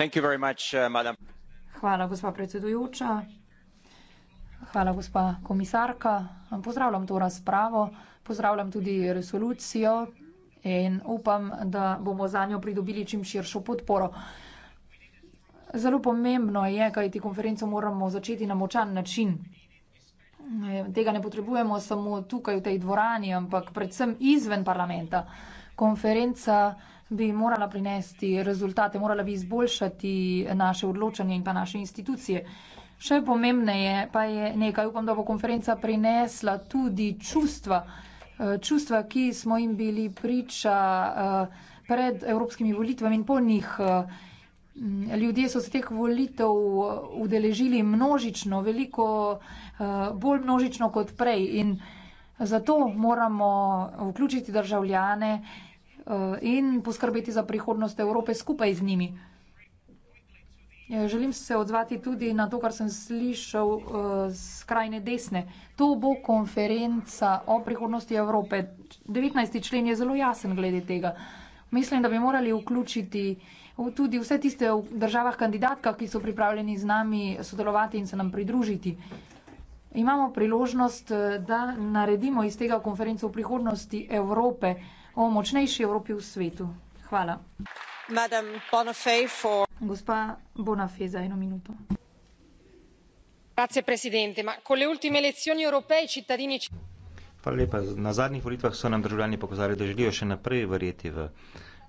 Uh, Hvala, gospa predsedujoča. Hvala, gospa komisarka. Pozdravljam to razpravo, pozdravljam tudi resolucijo in upam, da bomo za njo pridobili čim širšo podporo. Zelo pomembno je, kaj ti konferenco moramo začeti na močan način. Tega ne potrebujemo samo tukaj v tej dvorani, ampak predvsem izven parlamenta. Konferenca bi morala prinesti rezultate, morala bi izboljšati naše odločanje in pa naše institucije. Še pomembneje pa je nekaj, upam, da bo konferenca prinesla tudi čustva, eh, čustva, ki smo jim bili priča eh, pred evropskimi volitvami in po njih. Eh, ljudje so se teh volitev udeležili množično, veliko bolj množično kot prej in zato moramo vključiti državljane, Eh, in poskrbeti za prihodnost Evrope skupaj z njimi. Eh, želim se odzvati tudi na to, kar sem slišal z eh, krajne desne. To bo konferenca o prihodnosti Evrope. 19. člen je zelo jasen glede tega. Mislim, da bi morali vključiti tudi vse tiste v državah kandidatka, ki so pripravljeni z nami sodelovati in se nam pridružiti. Imamo priložnost, da naredimo iz tega konferenca o prihodnosti Evrope o močnejši Evropi v svetu. Hvala. Gospa Bonafé za eno minuto. Hvala lepa. Na zadnjih volitvah so nam državljani pokazali, da želijo še naprej verjeti v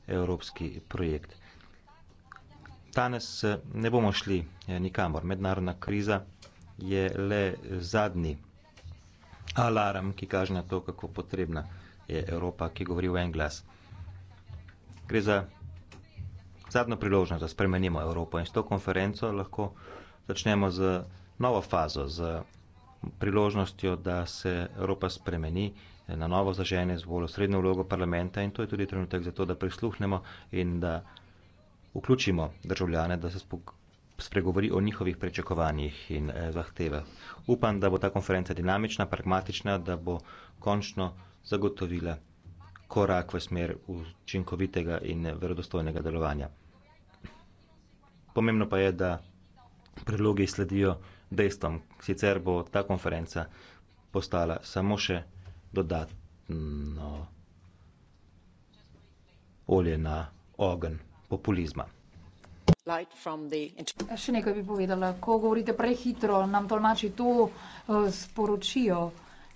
evropski projekt. Danes eh, ne bomo šli eh, nikamor. Mednarodna kriza je le zadnji alarm, ki kaže na to, kako potrebna je je Evropa, ki govori v en glas. Gre za zadnjo priložnost, da spremenimo Evropo in s to konferenco lahko začnemo z novo fazo, z priložnostjo, da se Evropa spremeni na novo zažene z bolj srednjo vlogo parlamenta in to je tudi trenutek za to, da prisluhnemo in da vključimo državljane, da se spregovori o njihovih prečakovanjih in eh, zahtevah. Upam, da bo ta konferenca dinamična, pragmatična, da bo končno vključena zagotovila korak v smer učinkovitega in verodostojnega delovanja. Pomembno pa je, da predlogi sledijo dejstvom, sicer bo ta konferenca postala samo še dodatno olje na ogen populizma. Še nekaj bi povedala, ko govorite prehitro, nam tolmači to uh, sporočijo.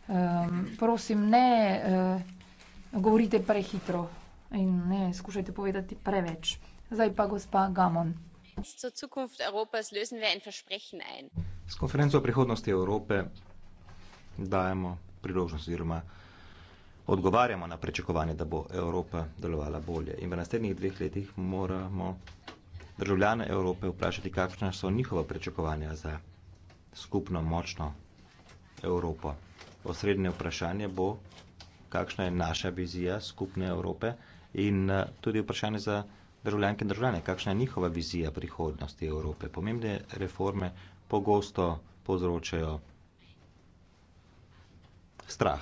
Ehm, prosim, ne eh, govorite prehitro in ne skušajte povedati preveč. Zdaj pa gospa Gamon. S konferenco o prihodnosti Evrope dajemo priložnost oziroma odgovarjamo na prečakovanje, da bo Evropa delovala bolje. In v naslednjih dveh letih moramo državljane Evrope vprašati, kakšna so njihova prečakovanja za skupno močno Evropo osrednje vprašanje bo, kakšna je naša vizija skupne Evrope in eh, tudi vprašanje za državljanke in državljane, kakšna je njihova vizija prihodnosti Evrope. Pomembne reforme pogosto povzročajo strah.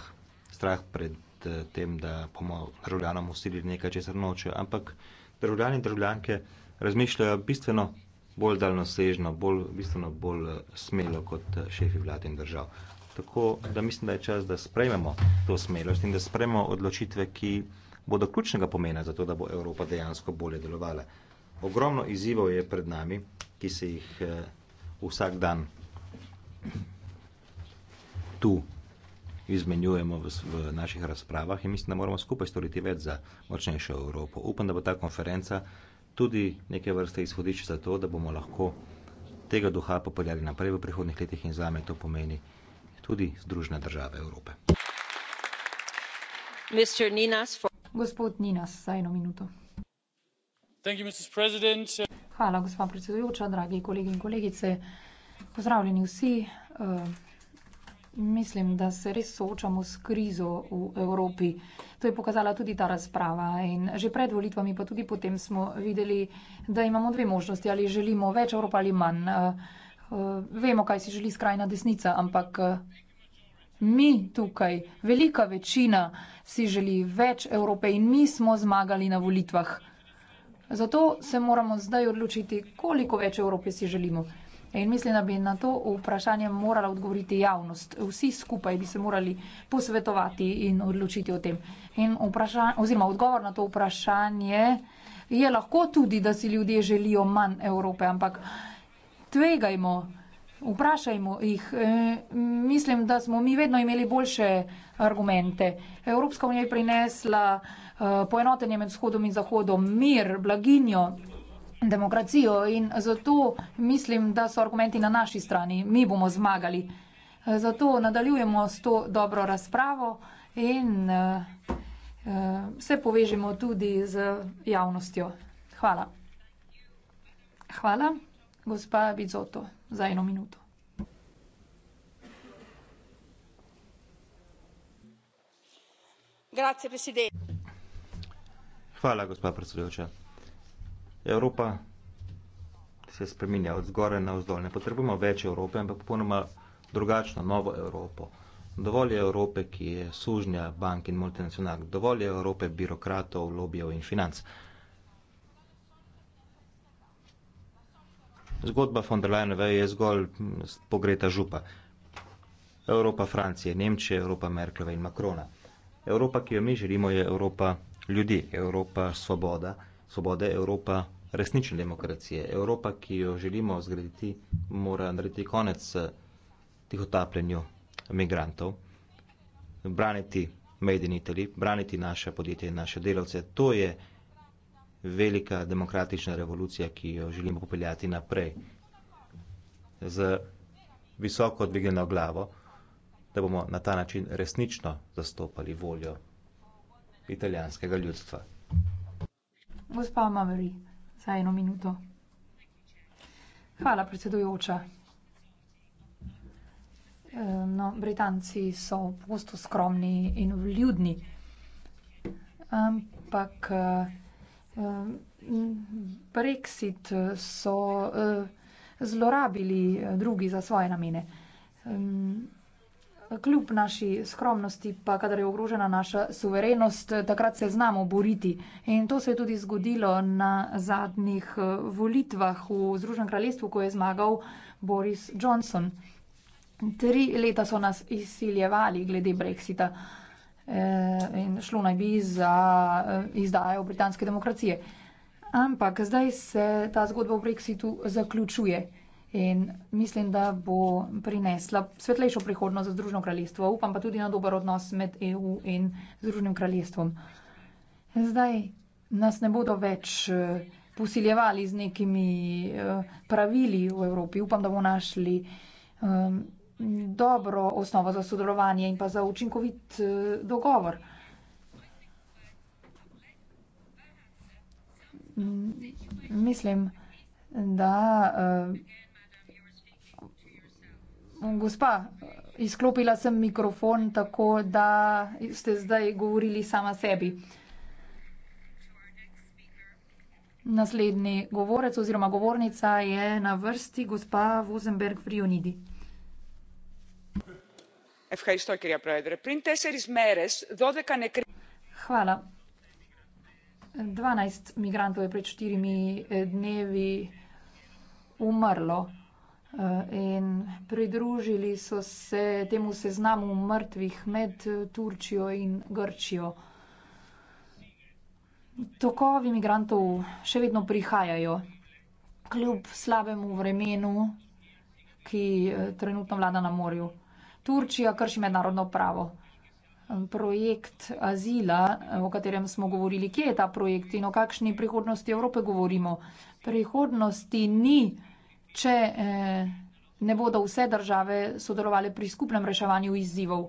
Strah pred eh, tem, da bomo državljanom usilili nekaj, česar nočejo, ampak državljani in državljanke razmišljajo bistveno bolj daljnosežno, bolj, bistveno bolj eh, smelo kot šefi vlade in držav. Tako da mislim, da je čas, da sprejmemo to smelost in da sprejmemo odločitve, ki bodo ključnega pomena za to, da bo Evropa dejansko bolje delovala. Ogromno izzivov je pred nami, ki se jih eh, vsak dan tu izmenjujemo v, v naših razpravah in mislim, da moramo skupaj storiti več za močnejšo Evropo. Upam, da bo ta konferenca tudi neke vrste izhodišče za to, da bomo lahko tega duha popeljali naprej v prihodnih letih in zame to pomeni tudi Združene države Evrope. Gospod Ninas, za eno minuto. Hvala, gospa predsedujoča, dragi kolegi in kolegice. Pozdravljeni vsi. Eh, mislim, da se res soočamo s krizo v Evropi. To je pokazala tudi ta razprava in že pred volitvami, pa tudi potem smo videli, da imamo dve možnosti, ali želimo več Evrope ali manj. Eh, Eh, vemo, kaj si želi skrajna desnica, ampak eh, mi tukaj, velika večina si želi več Evrope in mi smo zmagali na volitvah. Zato se moramo zdaj odločiti, koliko več Evrope si želimo. In mislim, da bi na to vprašanje morala odgovoriti javnost. Vsi skupaj bi se morali posvetovati in odločiti o tem. In vprašanje, oziroma odgovor na to vprašanje je lahko tudi, da si ljudje želijo manj Evrope, ampak uh, tvegajmo, vprašajmo jih. E, mislim, da smo mi vedno imeli boljše argumente. Evropska unija je prinesla e, poenotenje med vzhodom in zahodom, mir, blaginjo, demokracijo in zato mislim, da so argumenti na naši strani. Mi bomo zmagali. E, zato nadaljujemo s to dobro razpravo in se povežemo tudi z javnostjo. Hvala. Hvala. Gospa Bizoto, za eno minuto. Hvala, gospa predsedujoča. Evropa se spreminja od zgoraj na vzdolj. Ne potrebujemo več Evrope, ampak popolnoma drugačno, novo Evropo. Dovolj je Evrope, ki je sužnja bank in multinacionalk. Dovolj je Evrope birokratov, lobijev in financ. zgodba von der Leyenove je zgolj pogreta župa. Evropa Francije, Nemčije, Evropa Merklove in Makrona. Evropa, ki jo mi želimo, je Evropa ljudi, Evropa svoboda, svobode, Evropa resnične demokracije. Evropa, ki jo želimo zgraditi, mora narediti konec eh, tihotapljenju migrantov, braniti made in Italy, braniti naše podjetje in naše delavce. To je velika demokratična revolucija, ki jo želimo popeljati naprej. Z visoko odvigljeno glavo, da bomo na ta način resnično zastopali voljo italijanskega ljudstva. Gospa Mameri, za eno minuto. Hvala, predsedujoča. No, Britanci so pogosto skromni in vljudni. Ampak Brexit so eh, zlorabili eh, drugi za svoje namene. Kljub naši skromnosti, pa kadar je ogrožena naša suverenost, eh, takrat se znamo boriti. In to se je tudi zgodilo na zadnjih volitvah v Združenem kraljestvu, ko je zmagal Boris Johnson. Tri leta so nas izsiljevali glede Brexita. Uh, Eh, in šlo naj bi za eh, izdajo britanske demokracije. Ampak zdaj se ta zgodba o Brexitu zaključuje in mislim, da bo prinesla svetlejšo prihodnost za Združeno kraljestvo, upam pa tudi na dober odnos med EU in Združenim kraljestvom. Zdaj nas ne bodo več eh, posiljevali z nekimi pravili v Evropi. Upam, da bo našli dobro osnovo za sodelovanje in pa za učinkovit eh, dogovor. Mm, mislim, da eh, gospa, eh, izklopila sem mikrofon, tako da ste zdaj govorili sama sebi. Naslednji govorec oziroma govornica je na vrsti gospa Vozenberg Frijonidi gospa predsednica dvanajst migrantov je pred štirimi dnevi umrlo. in pridružili so se temu seznamu mrtvih med Turčijo in Grčijo. Tokovi migrantov še vedno prihajajo. Kljub slabemu vremenu, ki trenutno vlada na morju. Turčija krši mednarodno pravo. Projekt azila, o katerem smo govorili, kje je ta projekt in o kakšni prihodnosti Evrope govorimo. Prihodnosti ni, če eh, ne bodo vse države sodelovali pri skupnem reševanju izzivov.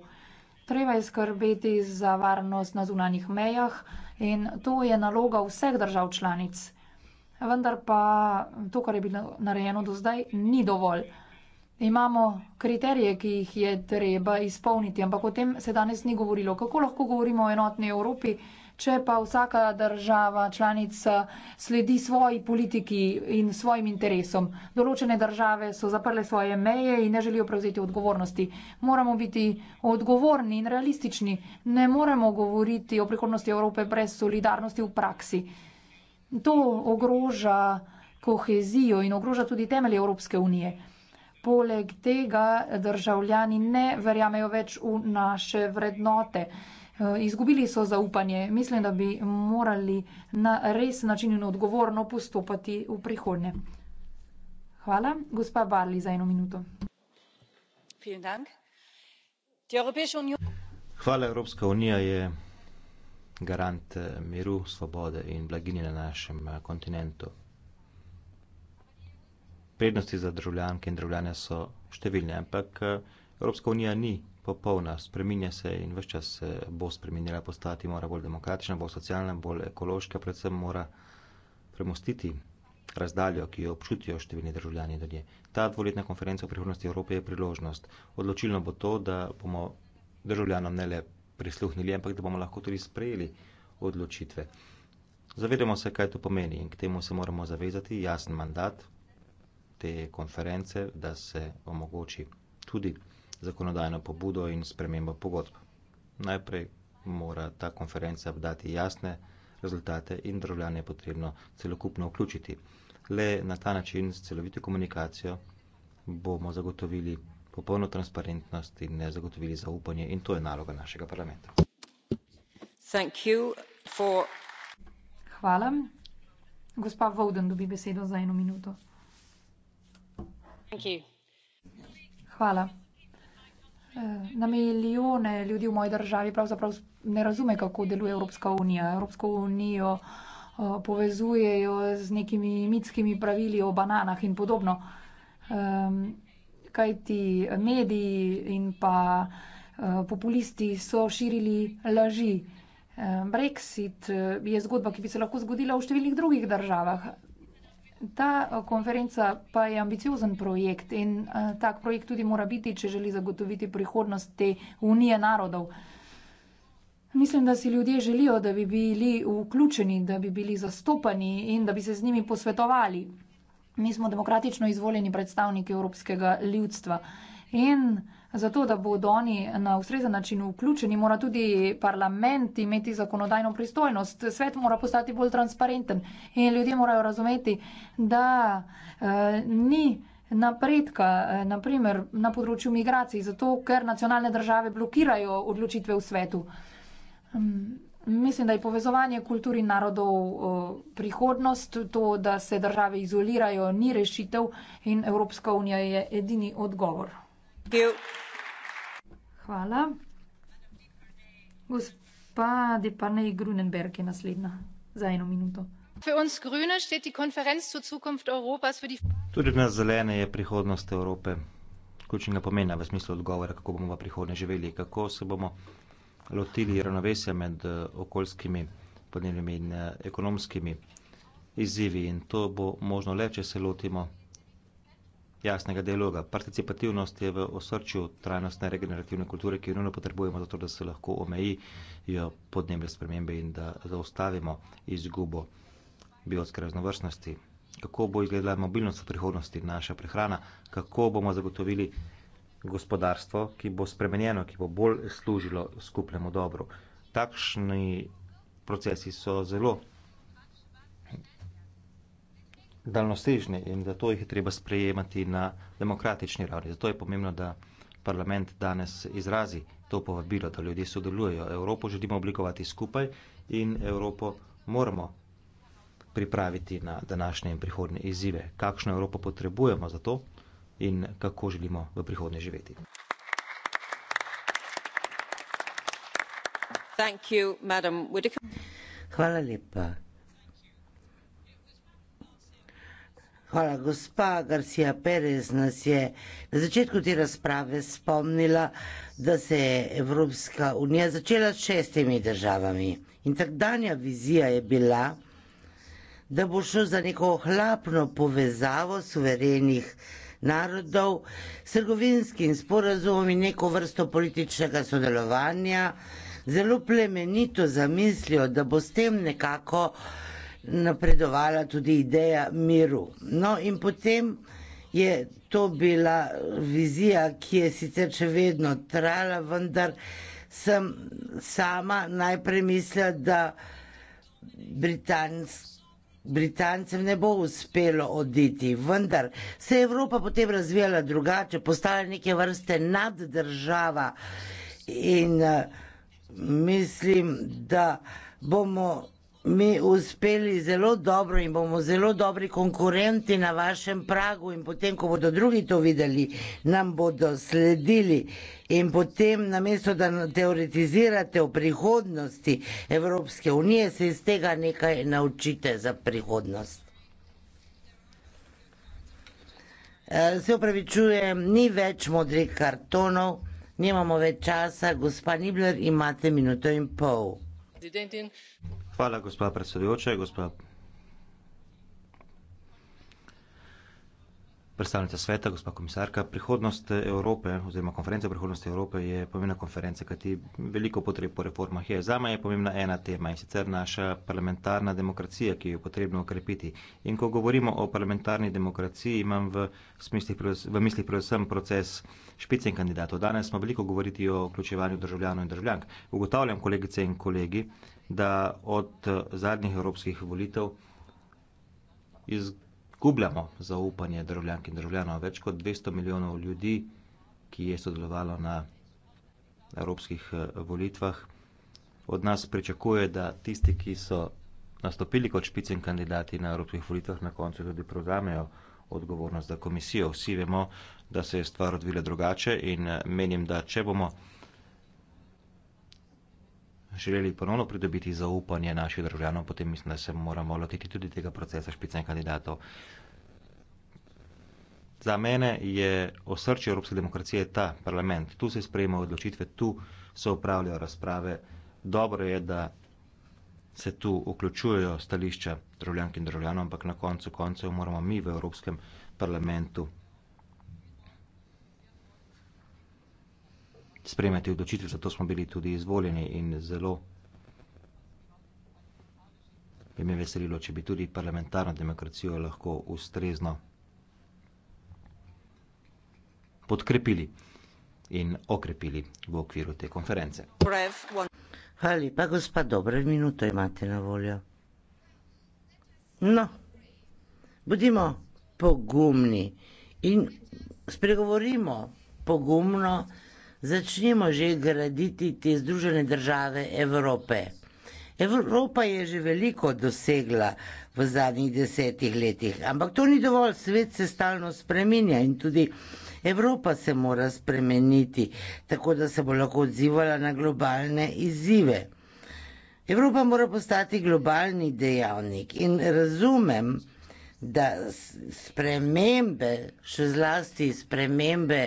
Treba je skrbeti za varnost na zunanjih mejah in to je naloga vseh držav članic. Vendar pa to, kar je bilo narejeno do zdaj, ni dovolj. Imamo kriterije, ki jih je treba izpolniti, ampak o tem se danes ni govorilo. Kako lahko govorimo o enotni Evropi, če pa vsaka država članica sledi svoji politiki in svojim interesom? Določene države so zaprle svoje meje in ne želijo prevzeti odgovornosti. Moramo biti odgovorni in realistični. Ne moremo govoriti o prihodnosti Evrope brez solidarnosti v praksi. To ogroža kohezijo in ogroža tudi temelje Evropske unije poleg tega državljani ne verjamejo več v naše vrednote. Eh, izgubili so zaupanje. Mislim, da bi morali na res način in odgovorno postopati v prihodnje. Hvala. Gospa Barli za eno minuto. Hvala. Evropska unija je garant eh, miru, svobode in blaginje na našem eh, kontinentu prednosti za državljanke in državljane so številne ampak eh, Evropska unija ni popolna, spreminja se in vse čas se bo spreminjala postati, mora bolj demokratična, bolj socialna, bolj ekološka, predvsem mora premostiti razdaljo, ki jo občutijo številni državljani do nje. Ta dvoletna konferenca o prihodnosti Evrope je priložnost. Odločilno bo to, da bomo državljanom ne le prisluhnili, ampak da bomo lahko tudi sprejeli odločitve. Zavedamo se, kaj to pomeni in k temu se moramo zavezati, jasen mandat, te konference, da se omogoči tudi zakonodajno pobudo in spremembo pogodb. Najprej mora ta konferenca dati jasne rezultate in državljane je potrebno celokupno vključiti. Le na ta način s celovito komunikacijo bomo zagotovili popolno transparentnost in ne zagotovili zaupanje in to je naloga našega parlamenta. Thank you for... Hvala. Gospa Vovden dobi besedo za eno minuto. Hvala. Eh, na milijone ljudi v moji državi pravzaprav ne razume, kako deluje Evropska unija. Evropsko unijo eh, povezujejo z nekimi mitskimi pravili o bananah in podobno. Kaj ti mediji in pa eh, populisti so širili laži. Brexit je zgodba, ki bi se lahko zgodila v številnih drugih državah. Ta eh, konferenca pa je ambiciozen projekt in uh, tak projekt tudi mora biti, če želi zagotoviti prihodnost te unije narodov. Mislim, da si ljudje želijo, da bi bili vključeni, da bi bili zastopani in da bi se z njimi posvetovali. Mi smo demokratično izvoljeni predstavniki evropskega ljudstva. In uh, Zato, da bodo oni na ustrezen način vključeni, mora tudi parlament imeti zakonodajno pristojnost, svet mora postati bolj transparenten in ljudje morajo razumeti, da uh, ni napredka, uh, eh, naprimer na področju migracij, zato ker nacionalne države blokirajo odločitve v svetu. Um, mislim, da je povezovanje kultur in narodov uh, prihodnost, to, da se države izolirajo, ni rešitev in Evropska unija je edini odgovor. Hvala. Gospa Deparnej Grunenberg je naslednja za eno minuto. Tudi nas zelene je prihodnost Evrope ključnega pomena v smislu odgovora, kako bomo v prihodnje živeli, kako se bomo lotili ravnovesja med eh, okoljskimi, podnebnimi in eh, ekonomskimi izzivi. In to bo možno le, če se lotimo jasnega dialoga. Participativnost je v osrčju trajnostne regenerativne kulture, ki jo nujno potrebujemo, zato da se lahko omejijo podnebne spremembe in da zaustavimo izgubo biotske raznovrstnosti. Kako bo izgledala mobilnost v prihodnosti, naša prehrana, kako bomo zagotovili gospodarstvo, ki bo spremenjeno, ki bo bolj služilo skupnemu dobru. Takšni procesi so zelo daljnosežni in da to jih je treba sprejemati na demokratični ravni. Zato je pomembno, da parlament danes izrazi to povabilo, da ljudje sodelujejo. Evropo želimo oblikovati skupaj in Evropo moramo pripraviti na današnje in prihodne izzive. Kakšno Evropo potrebujemo za to in kako želimo v prihodnje živeti. Thank you, Hvala lepa. Hvala, gospa Garcia Perez nas je na začetku te razprave spomnila, da se je Evropska unija začela s šestimi državami. In takdanja vizija je bila, da bo šlo za neko ohlapno povezavo suverenih narodov s trgovinskim sporazumom in neko vrsto političnega sodelovanja. Zelo plemenito zamislijo, da bo s tem nekako napredovala tudi ideja miru. No, in potem je to bila vizija, ki je sicer še vedno trajala, vendar sem sama najprej mislila, da Britanc, Britancem ne bo uspelo oditi. Vendar se je Evropa potem razvijala drugače, postala neke vrste naddržava in uh, mislim, da bomo mi uspeli zelo dobro in bomo zelo dobri konkurenti na vašem pragu in potem, ko bodo drugi to videli, nam bodo sledili in potem namesto, da teoretizirate o prihodnosti Evropske unije, se iz tega nekaj naučite za prihodnost. E, se upravičujem, ni več modrih kartonov, nimamo več časa. Gospa Nibler, imate minuto in pol. Hvala, gospa predsedujoča. Gospa predstavnica sveta, gospa komisarka. Prihodnost Evrope oziroma konferenca prihodnosti Evrope je pomembna konferenca, kajti veliko potreb po reformah je. Zame je pomembna ena tema in sicer naša parlamentarna demokracija, ki jo je potrebno okrepiti. In ko govorimo o parlamentarni demokraciji, imam v, smislih, v mislih predvsem proces špicen kandidatov. Danes smo veliko govoriti o vključevanju državljanov in državljank. Ugotavljam, kolegice in kolegi, da od eh, zadnjih evropskih volitev izgubljamo zaupanje državljank in državljanov. Več kot 200 milijonov ljudi, ki je sodelovalo na evropskih eh, volitvah, od nas pričakuje, da tisti, ki so nastopili kot špicen kandidati na evropskih volitvah, na koncu tudi prevzamejo odgovornost za komisijo. Vsi vemo, da se je stvar odvila drugače in eh, menim, da če bomo želeli ponovno pridobiti zaupanje naših državljanov, potem mislim, da se moramo lotiti tudi tega procesa špicen kandidatov. Za mene je osrčje evropske demokracije ta parlament. Tu se sprejemajo odločitve, tu se upravljajo razprave. Dobro je, da se tu vključujejo stališča državljank in državljanov, ampak na koncu koncev moramo mi v Evropskem parlamentu sprejemati odločitve, zato smo bili tudi izvoljeni in zelo bi me veselilo, če bi tudi parlamentarno demokracijo lahko ustrezno podkrepili in okrepili v okviru te konference. Hvala lepa, gospa, dobre minuto imate na voljo. No, bodimo pogumni in spregovorimo pogumno začnimo že graditi te Združene države Evrope. Evropa je že veliko dosegla v zadnjih desetih letih, ampak to ni dovolj, svet se stalno spreminja in tudi Evropa se mora spremeniti, tako da se bo lahko odzivala na globalne izzive. Evropa mora postati globalni dejavnik in razumem, da spremembe, še zlasti spremembe,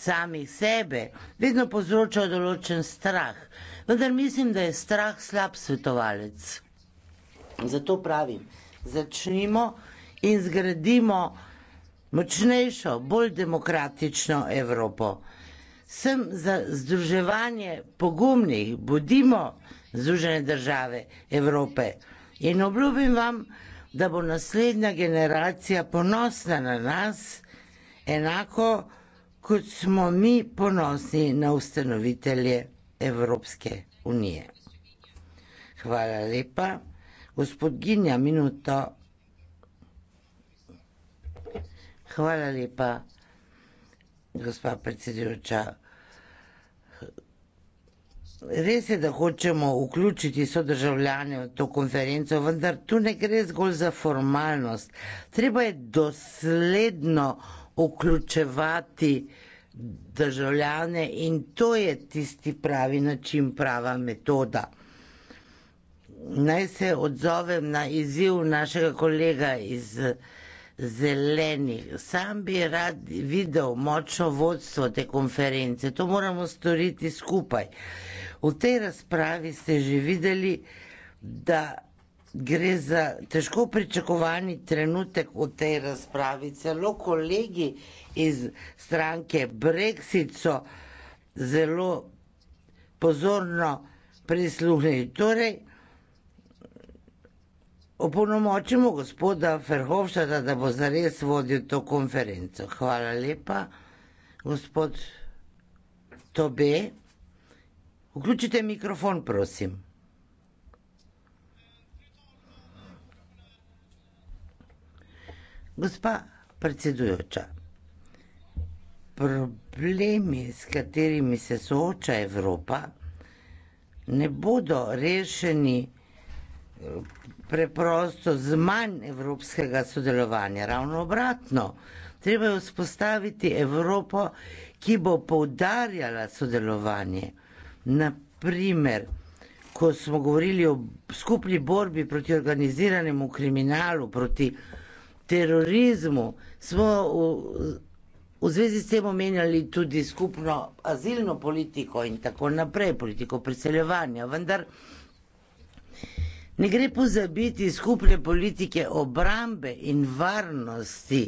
sami sebe, vedno povzročajo določen strah. Vendar mislim, da je strah slab svetovalec. Zato pravim, začnimo in zgradimo močnejšo, bolj demokratično Evropo. Sem za združevanje pogumnih, bodimo združene države Evrope in obljubim vam, da bo naslednja generacija ponosna na nas enako, kot smo mi ponosni na ustanovitelje Evropske unije. Hvala lepa, gospod Ginja, minuto. Hvala lepa, gospa predsedujoča. Res je, da hočemo vključiti sodržavljane v to konferenco, vendar tu ne gre zgolj za formalnost. Treba je dosledno vključevati državljane in to je tisti pravi način, prava metoda. Naj se odzovem na izziv našega kolega iz zelenih. Sam bi rad videl močno vodstvo te konference. To moramo storiti skupaj. V tej razpravi ste že videli, da gre za težko pričakovani trenutek v tej razpravi. Celo kolegi iz stranke Brexit so zelo pozorno prisluhnili. Torej, opolnomočimo gospoda Ferhovšata, da bo zares vodil to konferenco. Hvala lepa, gospod Tobe. Vključite mikrofon, prosim. Gospa predsedujoča, problemi, s katerimi se sooča Evropa, ne bodo rešeni preprosto z manj evropskega sodelovanja, ravno obratno. Treba je vzpostaviti Evropo, ki bo poudarjala sodelovanje. Naprimer, ko smo govorili o skupni borbi proti organiziranemu kriminalu, proti terorizmu. Smo v, v zvezi s tem omenjali tudi skupno azilno politiko in tako naprej, politiko priseljevanja, vendar ne gre pozabiti skupne politike obrambe in varnosti.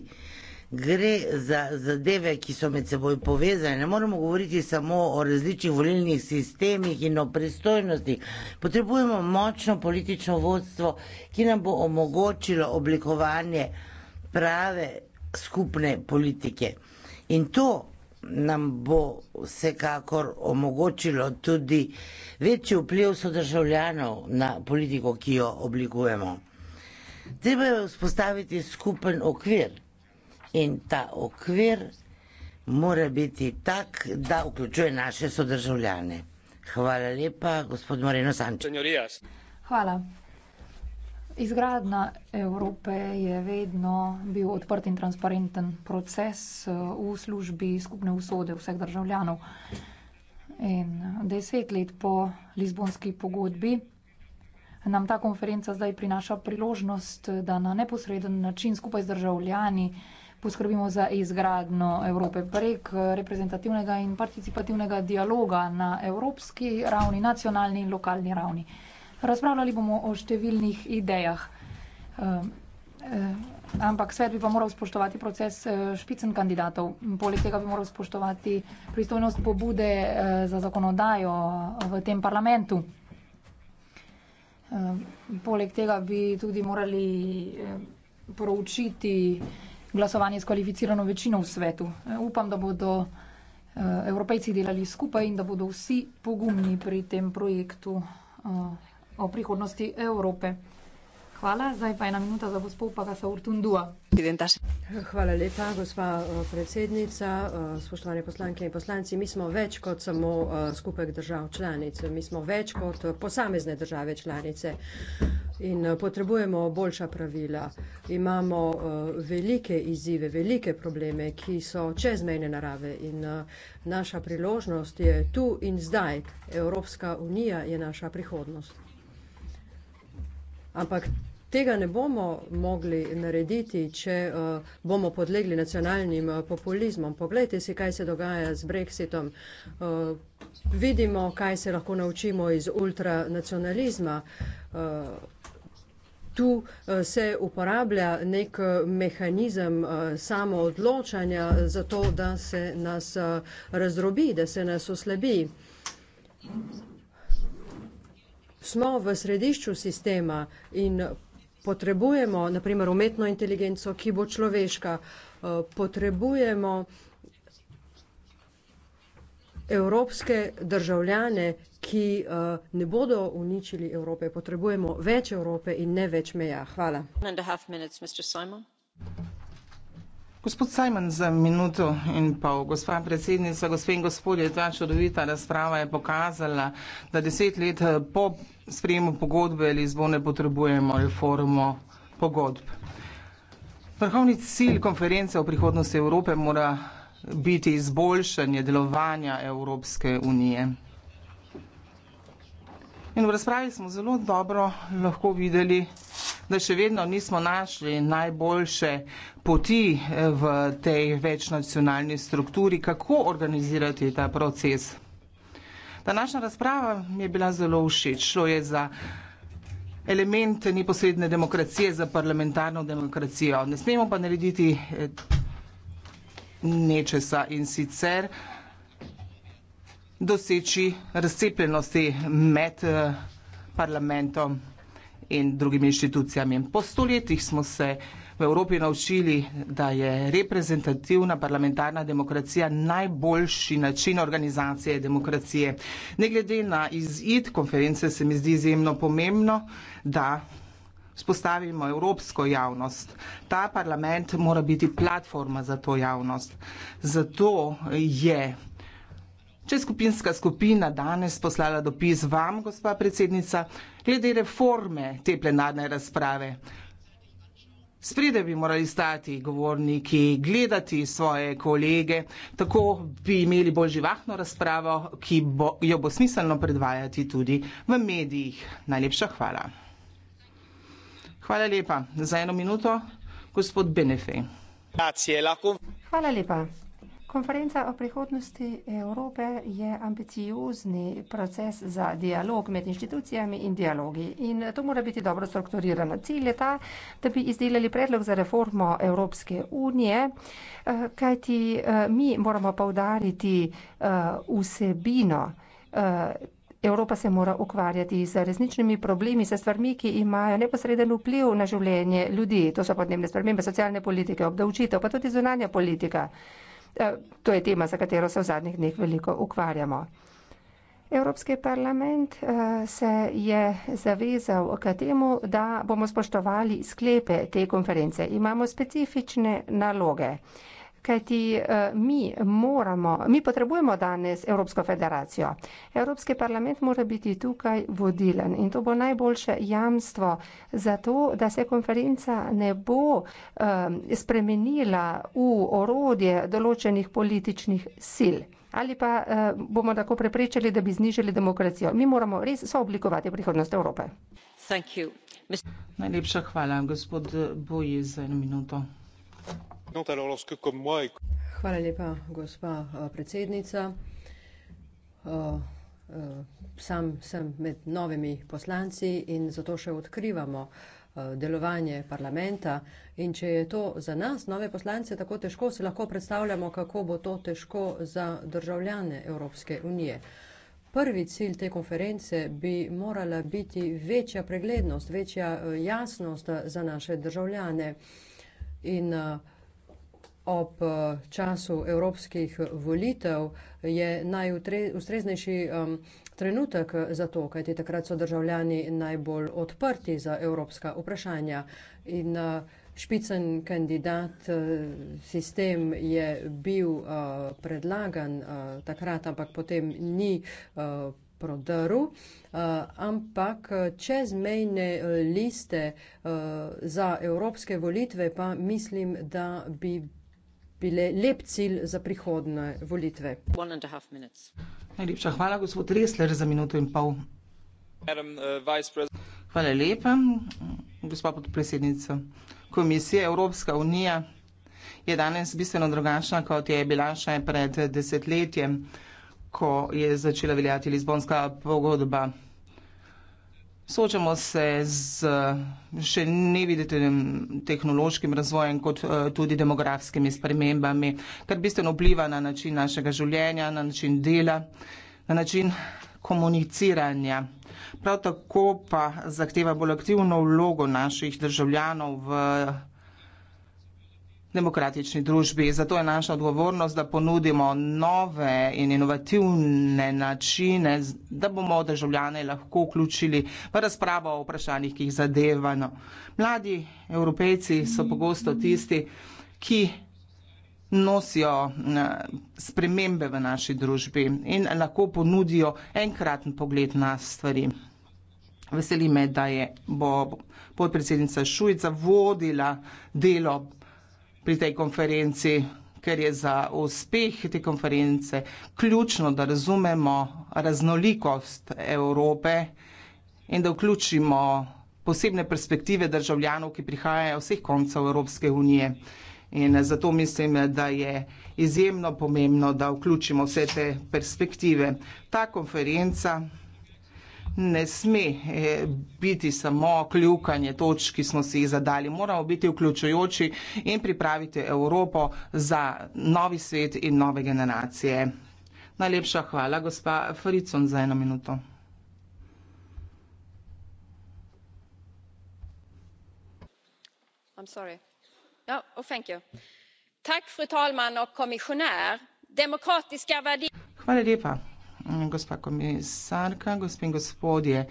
Gre za zadeve, ki so med seboj povezane. Ne moremo govoriti samo o različnih volilnih sistemih in o pristojnosti. Potrebujemo močno politično vodstvo, ki nam bo omogočilo oblikovanje uh, prave skupne politike. In to nam bo vsekakor omogočilo tudi večji vpliv sodržavljanov na politiko, ki jo oblikujemo. Treba je vzpostaviti skupen okvir in ta okvir mora biti tak, da vključuje naše sodržavljane. Hvala lepa, gospod Moreno Sančer. Hvala. Izgradna Evrope je vedno bil odprt in transparenten proces eh, v službi skupne usode vseh državljanov. In deset let po Lizbonski pogodbi nam ta konferenca zdaj prinaša priložnost, da na neposreden način skupaj z državljani poskrbimo za izgradno Evrope prek eh, reprezentativnega in participativnega dialoga na evropski ravni, nacionalni in lokalni ravni. Razpravljali bomo o številnih idejah. Ehm, eh, ampak svet bi pa moral spoštovati proces eh, špicen kandidatov. Poleg tega bi moral spoštovati pristojnost pobude eh, za zakonodajo v tem parlamentu. Ehm, poleg tega bi tudi morali proučiti glasovanje s kvalificirano večino v svetu. Upam, da bodo evropejci delali skupaj in da bodo vsi pogumni pri tem projektu o prihodnosti Evrope. Hvala, zdaj pa ena minuta za gospod Pagasa Urtundua. Hvala lepa, gospa eh, predsednica, eh, spoštovane poslanke in poslanci. Mi smo več kot samo eh, skupek držav članic, mi smo več kot posamezne države članice in potrebujemo boljša pravila. Imamo velike izzive, velike probleme, ki so čezmejne narave in naša priložnost je tu in zdaj. Evropska unija je naša prihodnost. Ampak tega ne bomo mogli narediti, če uh, bomo podlegli nacionalnim uh, populizmom. Poglejte si, kaj se dogaja z brexitom. Uh, vidimo, kaj se lahko naučimo iz ultranacionalizma. Uh, Tu se uporablja nek mehanizem samoodločanja za to, da se nas razrobi, da se nas oslebi smo v središču sistema in potrebujemo naprimer umetno inteligenco, ki bo človeška, eh, potrebujemo evropske državljane, ki eh, ne bodo uničili Evrope, potrebujemo več Evrope in ne več meja. Hvala. Gospod Simon, za minuto in pol, gospa predsednica, gospe in gospodje, ta čudovita razprava je pokazala, da deset let eh, po sprejemu pogodbe ali zvone potrebujemo reformo pogodb. Vrhovni cilj konference o prihodnosti Evrope mora biti izboljšanje delovanja Evropske unije. In v razpravi smo zelo dobro lahko videli, da še vedno nismo našli najboljše poti eh, v tej večnacionalni strukturi, kako organizirati ta proces. Današnja razprava mi je bila zelo všeč. Šlo je za elemente neposredne demokracije, za parlamentarno demokracijo. Ne smemo pa narediti eh, nečesa in sicer doseči razcepljenosti med eh, parlamentom in drugimi inštitucijami. Po stoletjih smo se v Evropi naučili, da je reprezentativna parlamentarna demokracija najboljši način organizacije demokracije. Ne glede na izid konference se mi zdi izjemno pomembno, da spostavimo evropsko javnost. Ta parlament mora biti platforma za to javnost. Zato je Če je skupinska skupina danes poslala dopis vam, gospa predsednica, glede reforme te plenarne razprave. Sprede bi morali stati govorniki, gledati svoje kolege, tako bi imeli bolj živahno razpravo, ki bo, jo bo smiselno predvajati tudi v medijih. Najlepša hvala. Hvala lepa. Za eno minuto, gospod Benefej. Hvala lepa. Konferenca o prihodnosti Evrope je ambiciozni proces za dialog med inštitucijami in dialogi. In to mora biti dobro strukturirano. Cilj je ta, da bi izdelali predlog za reformo Evropske unije, eh, kajti eh, mi moramo povdariti eh, vsebino. Evropa se mora ukvarjati z resničnimi problemi, s stvarmi, ki imajo neposreden vpliv na življenje ljudi. To so podnebne spremembe, socialne politike, obdavčitev, pa tudi zunanja politika. Eh, to je tema, za katero se v zadnjih dneh veliko ukvarjamo. Evropski parlament eh, se je zavezal k temu, da bomo spoštovali sklepe te konference. Imamo specifične naloge kajti eh, mi moramo, mi potrebujemo danes Evropsko federacijo. Evropski parlament mora biti tukaj vodilen in to bo najboljše jamstvo za to, da se konferenca ne bo um, spremenila v orodje določenih političnih sil. Ali pa uh, bomo tako prepričali, da bi znižali demokracijo. Mi moramo res sooblikovati prihodnost Evrope. Najlepša hvala, gospod Boji, za eno minuto. Hvala lepa, gospa, eh, predsednica. Eh, eh, sam sem med novimi poslanci in zato še odkrivamo delovanje parlamenta. In če je to za nas, nove poslance, tako težko, si lahko predstavljamo, kako bo to težko za državljane Evropske unije. Prvi cilj te konference bi morala biti večja preglednost, večja jasnost za naše državljane. In uh, ob eh, času evropskih volitev je najustreznejši um, trenutek za to, kajti takrat so državljani najbolj odprti za evropska vprašanja. In uh, špicen kandidat uh, sistem je bil uh, predlagan uh, takrat, ampak potem ni. Uh, Prodrl, ampak čezmejne liste za evropske volitve pa mislim, da bi bile lep cilj za prihodne volitve. Najlepša hvala, gospod Resler, za minuto in pol. Uh, hvala lepa, gospa podpredsednica. Komisija Evropska unija je danes bistveno drugačna, kot je bila še pred desetletjem, ko je začela veljati Lizbonska pogodba. Soočamo se z še nevidenim tehnološkim razvojem, kot eh, tudi demografskimi spremembami, kar bistveno vpliva na način našega življenja, na način dela, na način komuniciranja. Prav tako pa zahteva bolj aktivno vlogo naših državljanov v demokratični družbi. Zato je naša odgovornost, da ponudimo nove in inovativne načine, da bomo državljane lahko vključili v razpravo o vprašanjih, ki jih zadevano. Mladi evropejci so pogosto tisti, ki nosijo eh, spremembe v naši družbi in lahko ponudijo enkraten pogled na stvari. Veseli me, da je bo podpredsednica Šujca vodila delo pri tej konferenci, ker je za uspeh te konference ključno, da razumemo raznolikost Evrope in da vključimo posebne perspektive državljanov, ki prihajajo vseh koncev Evropske unije. In zato mislim, da je izjemno pomembno, da vključimo vse te perspektive. Ta konferenca ne sme eh, biti samo kljukanje toč, ki smo si jih zadali. Moramo biti vključujoči in pripraviti Evropo za novi svet in nove generacije. Najlepša hvala, gospa Fricon, za eno minuto. No, oh, hvala lepa gospa komisarka, gospod in gospodje,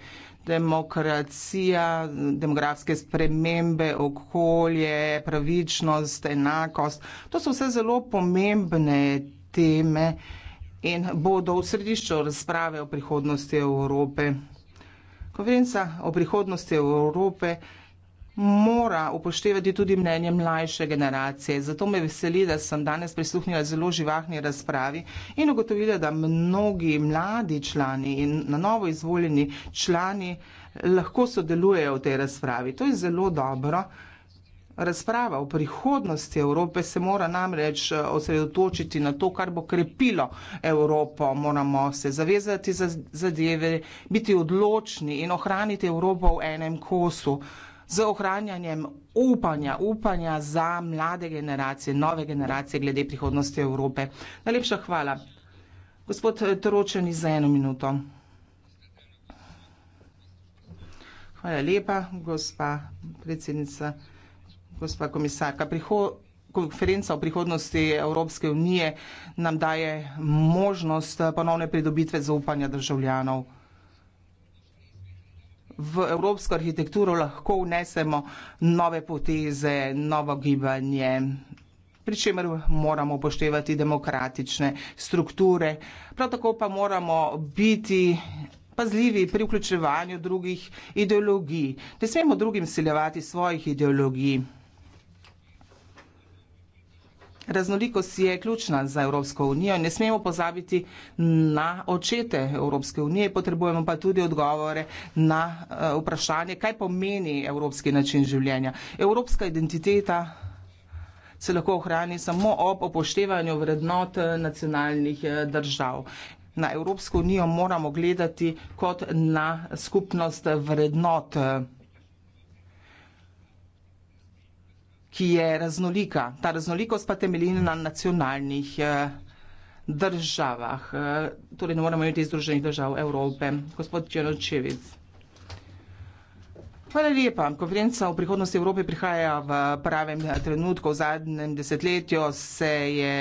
demokracija, demografske spremembe, okolje, pravičnost, enakost, to so vse zelo pomembne teme in bodo v središču razprave o prihodnosti Evrope. Konferenca o prihodnosti Evrope mora upoštevati tudi mnenje mlajše generacije. Zato me veseli, da sem danes prisluhnila zelo živahni razpravi in ugotovila, da mnogi mladi člani in na novo izvoljeni člani lahko sodelujejo v tej razpravi. To je zelo dobro. Razprava o prihodnosti Evrope se mora namreč eh, osredotočiti na to, kar bo krepilo Evropo. Moramo se zavezati za zadeve, biti odločni in ohraniti Evropo v enem kosu z ohranjanjem upanja, upanja za mlade generacije, nove generacije glede prihodnosti Evrope. Najlepša hvala. Gospod eh, Toročeni za eno minuto. Hvala lepa, gospa predsednica, gospa komisarka. Priho konferenca o prihodnosti Evropske unije nam daje možnost ponovne pridobitve zaupanja državljanov v evropsko arhitekturo lahko vnesemo nove poteze, novo gibanje, pri čemer moramo upoštevati demokratične strukture. Prav tako pa moramo biti pazljivi pri vključevanju drugih ideologij. Ne smemo drugim siljevati svojih ideologij. Raznolikost je ključna za Evropsko unijo in ne smemo pozabiti na očete Evropske unije, potrebujemo pa tudi odgovore na eh, vprašanje, kaj pomeni evropski način življenja. Evropska identiteta se lahko ohrani samo ob upoštevanju vrednot eh, nacionalnih eh, držav. Na Evropsko unijo moramo gledati kot na skupnost vrednot držav ki je raznolika. Ta raznolikost pa temelji na nacionalnih eh, državah, eh, torej ne moremo imeti združenih držav Evrope. Gospod Črnčevic. Hvala lepa. Konferenca o prihodnosti Evrope prihaja v pravem trenutku. V zadnjem desetletju se je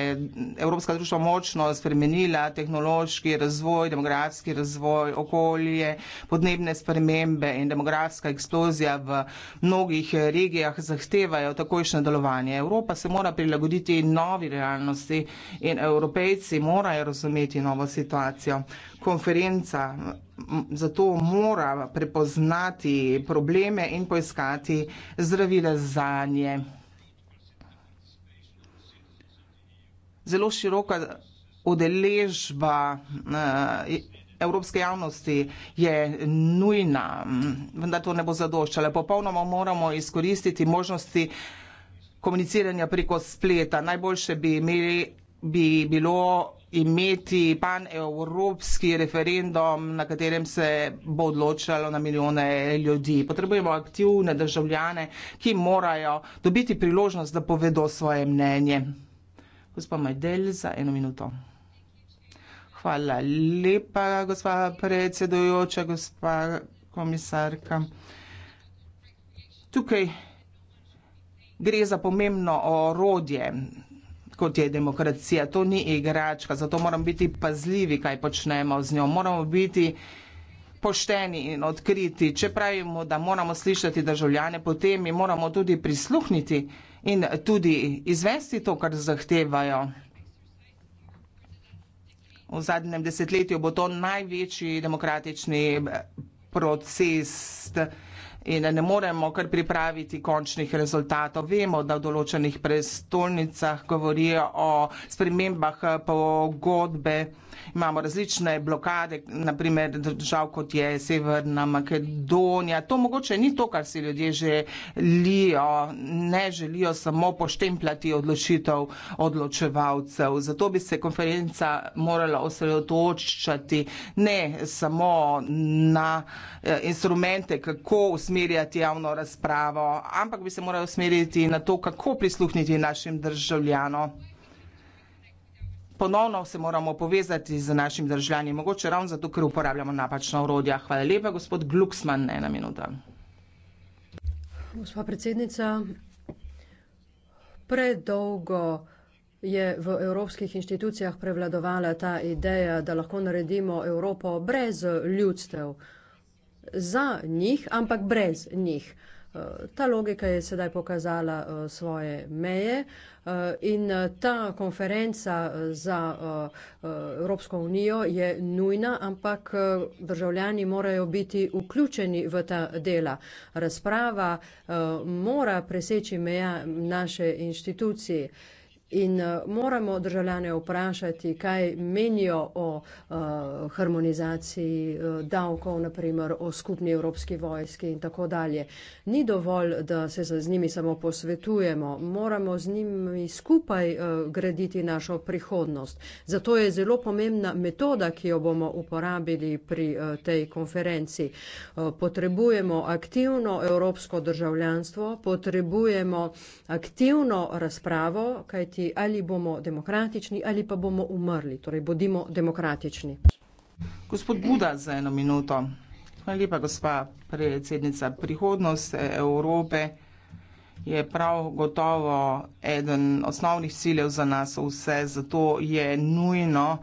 Evropska društva močno spremenila, tehnološki razvoj, demografski razvoj, okolje, podnebne spremembe in demografska eksplozija v mnogih regijah zahtevajo takojšnje delovanje. Evropa se mora prilagoditi novi realnosti in evropejci morajo razumeti novo situacijo konferenca zato mora prepoznati probleme in poiskati zdravile za nje. Zelo široka udeležba evropske javnosti je nujna, vendar to ne bo zadoščalo. Popolnoma moramo izkoristiti možnosti komuniciranja preko spleta. Najboljše bi imeli bi bilo imeti pan-evropski referendum, na katerem se bo odločalo na milijone ljudi. Potrebujemo aktivne državljane, ki morajo dobiti priložnost, da povedo svoje mnenje. Gospod Majdel, za eno minuto. Hvala lepa, gospod predsedujoča, gospod komisarka. Tukaj gre za pomembno orodje kot je demokracija. To ni igračka, zato moramo biti pazljivi, kaj počnemo z njo. Moramo biti pošteni in odkriti. Če pravimo, da moramo slišati državljane, potem jim moramo tudi prisluhniti in tudi izvesti to, kar zahtevajo. V zadnjem desetletju bo to največji demokratični proces in ne moremo kar pripraviti končnih rezultatov. Vemo, da v določenih prestolnicah govorijo o spremembah eh, pogodbe. Imamo različne blokade, naprimer držav kot je Severna Makedonija. To mogoče ni to, kar si ljudje želijo. Ne želijo samo poštemplati odločitev odločevalcev. Zato bi se konferenca morala osredotočati ne samo na eh, instrumente, kako usmeriti usmerjati javno razpravo, ampak bi se morali usmeriti na to, kako prisluhniti našim državljanom. Ponovno se moramo povezati z našim državljanjem, mogoče ravno zato, ker uporabljamo napačna urodja. Hvala lepa, gospod Glucksmann, ena minuta. Gospa predsednica, predolgo je v evropskih institucijah prevladovala ta ideja, da lahko naredimo Evropo brez ljudstev za njih, ampak brez njih. Eh, ta logika je sedaj pokazala eh, svoje meje eh, in ta konferenca za Evropsko unijo je nujna, ampak državljani morajo biti vključeni v ta dela. Razprava mora preseči meja naše inštitucije in eh, moramo državljane vprašati, kaj menijo o uh, harmonizaciji uh, davkov, naprimer o skupni evropski vojski in tako dalje. Ni dovolj, da se z njimi samo posvetujemo, moramo z njimi skupaj uh, graditi našo prihodnost. Zato je zelo pomembna metoda, ki jo bomo uporabili pri uh, tej konferenci. Uh, potrebujemo aktivno evropsko državljanstvo, potrebujemo aktivno razpravo, kajti izbrati, ali bomo demokratični ali pa bomo umrli. Torej, bodimo demokratični. Gospod Buda, za eno minuto. Hvala lepa, gospa predsednica. Prihodnost Evrope je prav gotovo eden osnovnih ciljev za nas vse, zato je nujno,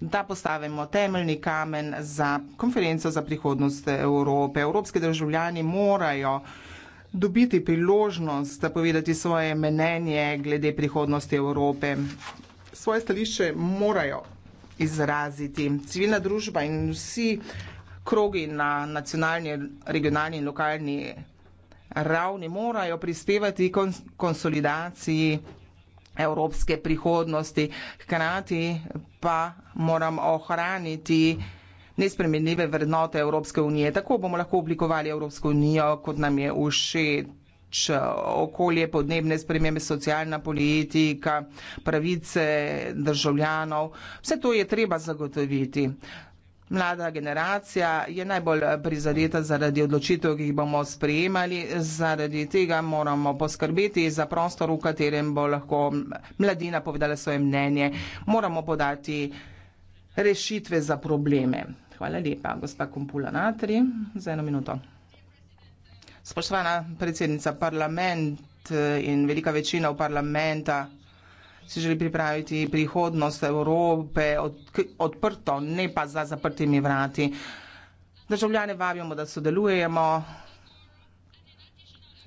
da postavimo temeljni kamen za konferenco za prihodnost Evrope. Evropske državljani morajo dobiti priložnost povedati svoje mnenje glede prihodnosti Evrope. Svoje stališče morajo izraziti civilna družba in vsi krogi na nacionalni, regionalni in lokalni ravni morajo prispevati konsolidaciji evropske prihodnosti, hkrati pa moram ohraniti nespremenljive vrednote Evropske unije. Tako bomo lahko oblikovali Evropsko unijo, kot nam je všeč okolje, podnebne spremembe, socialna politika, pravice državljanov. Vse to je treba zagotoviti. Mlada generacija je najbolj prizadeta zaradi odločitev, ki jih bomo sprejemali. Zaradi tega moramo poskrbeti za prostor, v katerem bo lahko mladina povedala svoje mnenje. Moramo podati rešitve za probleme. Hvala lepa, gospa Kompula Natri, za eno minuto. Spoštovana predsednica parlament eh, in velika večina v parlamenta si želi pripraviti prihodnost Evrope od, odprto, ne pa za zaprtimi vrati. Državljane vabimo, da sodelujemo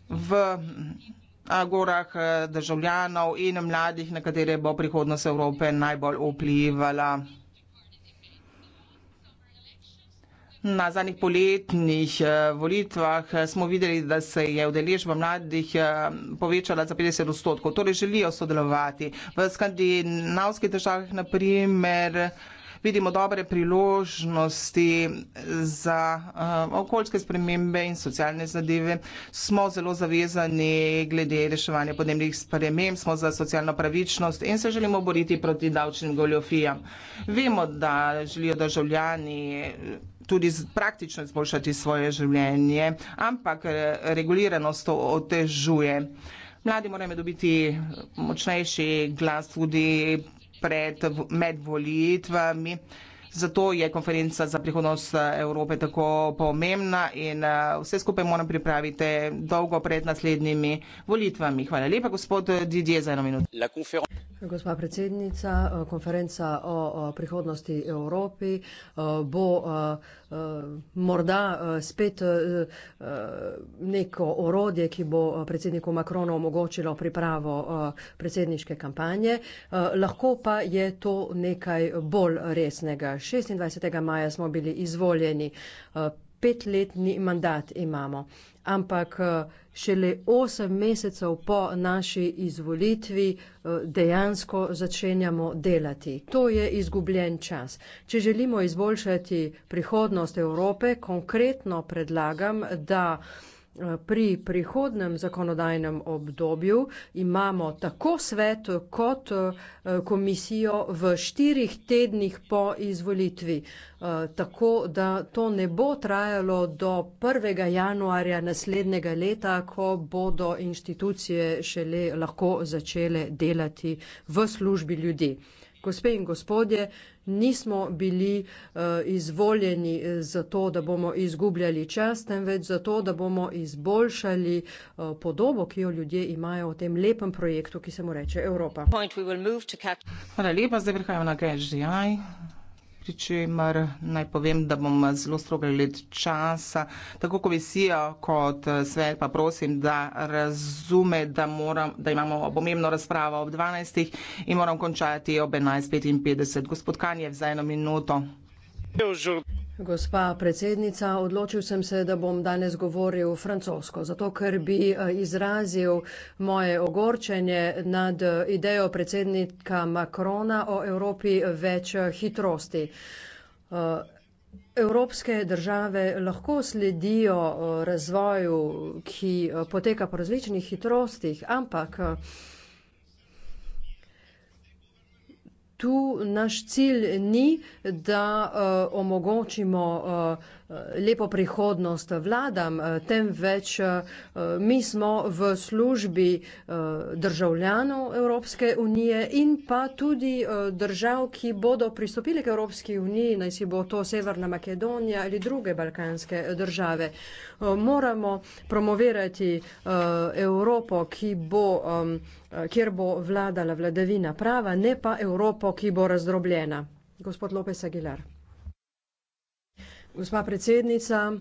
v agorah eh, državljanov in mladih, na katere bo prihodnost Evrope najbolj vplivala. Na zadnjih poletnih eh, volitvah eh, smo videli, da se je udeležba mladih eh, povečala za 50 odstotkov. Torej želijo sodelovati. V skandinavskih državah, na primer, vidimo dobre priložnosti za okoljske spremembe in socialne zadeve. Smo zelo zavezani glede reševanja podnebnih sprememb, smo za socialno pravičnost in se želimo boriti proti davčnim goljofijam. Vemo, da želijo državljani tudi praktično izboljšati svoje življenje, ampak eh, reguliranost to otežuje. Mladi morajo dobiti eh, močnejši glas tudi pred, med volitvami. Zato je konferenca za prihodnost eh, Evrope tako pomembna in vse skupaj moram pripraviti dolgo pred naslednjimi volitvami. Hvala lepa, gospod Didier, za eno minuto. Gospa predsednica, eh, konferenca o prihodnosti Evropi eh, bo eh, morda spet neko orodje, ki bo predsedniku Makronu omogočilo pripravo predsedniške kampanje. Lahko pa je to nekaj bolj resnega. 26. maja smo bili izvoljeni. Petletni mandat imamo. Ampak šele osem mesecev po naši izvolitvi eh, dejansko začenjamo delati. To je izgubljen čas. Če želimo izboljšati prihodnost Evrope, konkretno predlagam, da Pri prihodnem zakonodajnem obdobju imamo tako svet kot eh, komisijo v štirih tednih po izvolitvi, eh, tako da to ne bo trajalo do 1. januarja naslednjega leta, ko bodo inštitucije šele lahko začele delati v službi ljudi. Gospe in gospodje, nismo bili uh, izvoljeni eh, zato, da bomo izgubljali čas, temveč zato, da bomo izboljšali uh, podobo, ki jo ljudje imajo o tem lepem projektu, ki se mu reče Evropa. Hvala lepa, zdaj prihajamo na GSGI pri čemer naj povem, da bom zelo strogo gled časa, tako komisijo kot eh, svet pa prosim, da razume, da, moram, da imamo pomembno razpravo ob 12. in moram končati ob 11.55. Gospod Kanjev, za eno minuto. Gospa predsednica, odločil sem se, da bom danes govoril francosko, zato ker bi eh, izrazil moje ogorčenje nad eh, idejo predsednika Makrona o Evropi več eh, hitrosti. Evropske države lahko sledijo razvoju, ki poteka po različnih hitrostih, ampak. tu naš cilj ni, da uh, omogočimo uh, lepo prihodnost vladam, eh, temveč eh, mi smo v službi eh, državljanov Evropske unije in pa tudi držav, ki bodo pristopili k Evropski uniji, naj si bo to Severna Makedonija ali druge balkanske države. Moramo promovirati Evropo, ki bo kjer bo vladala vladavina prava, ne pa Evropo, ki bo razdrobljena. Gospod Lopes Aguilar gospa predsednica.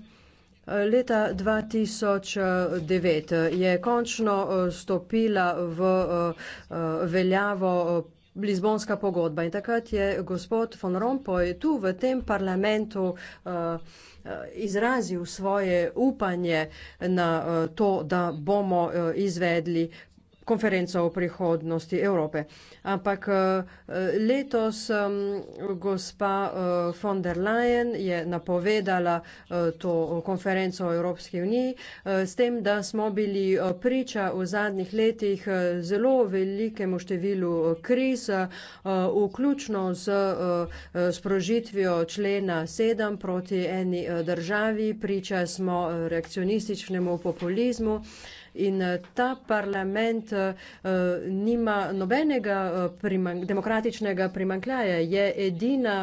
Leta 2009 je končno eh, stopila v eh, eh, veljavo Lizbonska pogodba in takrat je gospod von Rompuy tu v tem parlamentu izrazil svoje upanje na to, da bomo izvedli konferenco o prihodnosti Evrope. Ampak eh, letos gospa eh, von der Leyen je napovedala eh, to konferenco o Evropski uniji s tem, da smo bili priča v zadnjih letih zelo velikemu številu kriz, vključno z sprožitvijo člena 7 proti eni državi. Priča smo reakcionističnemu populizmu in eh, ta parlament eh, eh, nima nobenega primank, demokratičnega primankljaja, je edina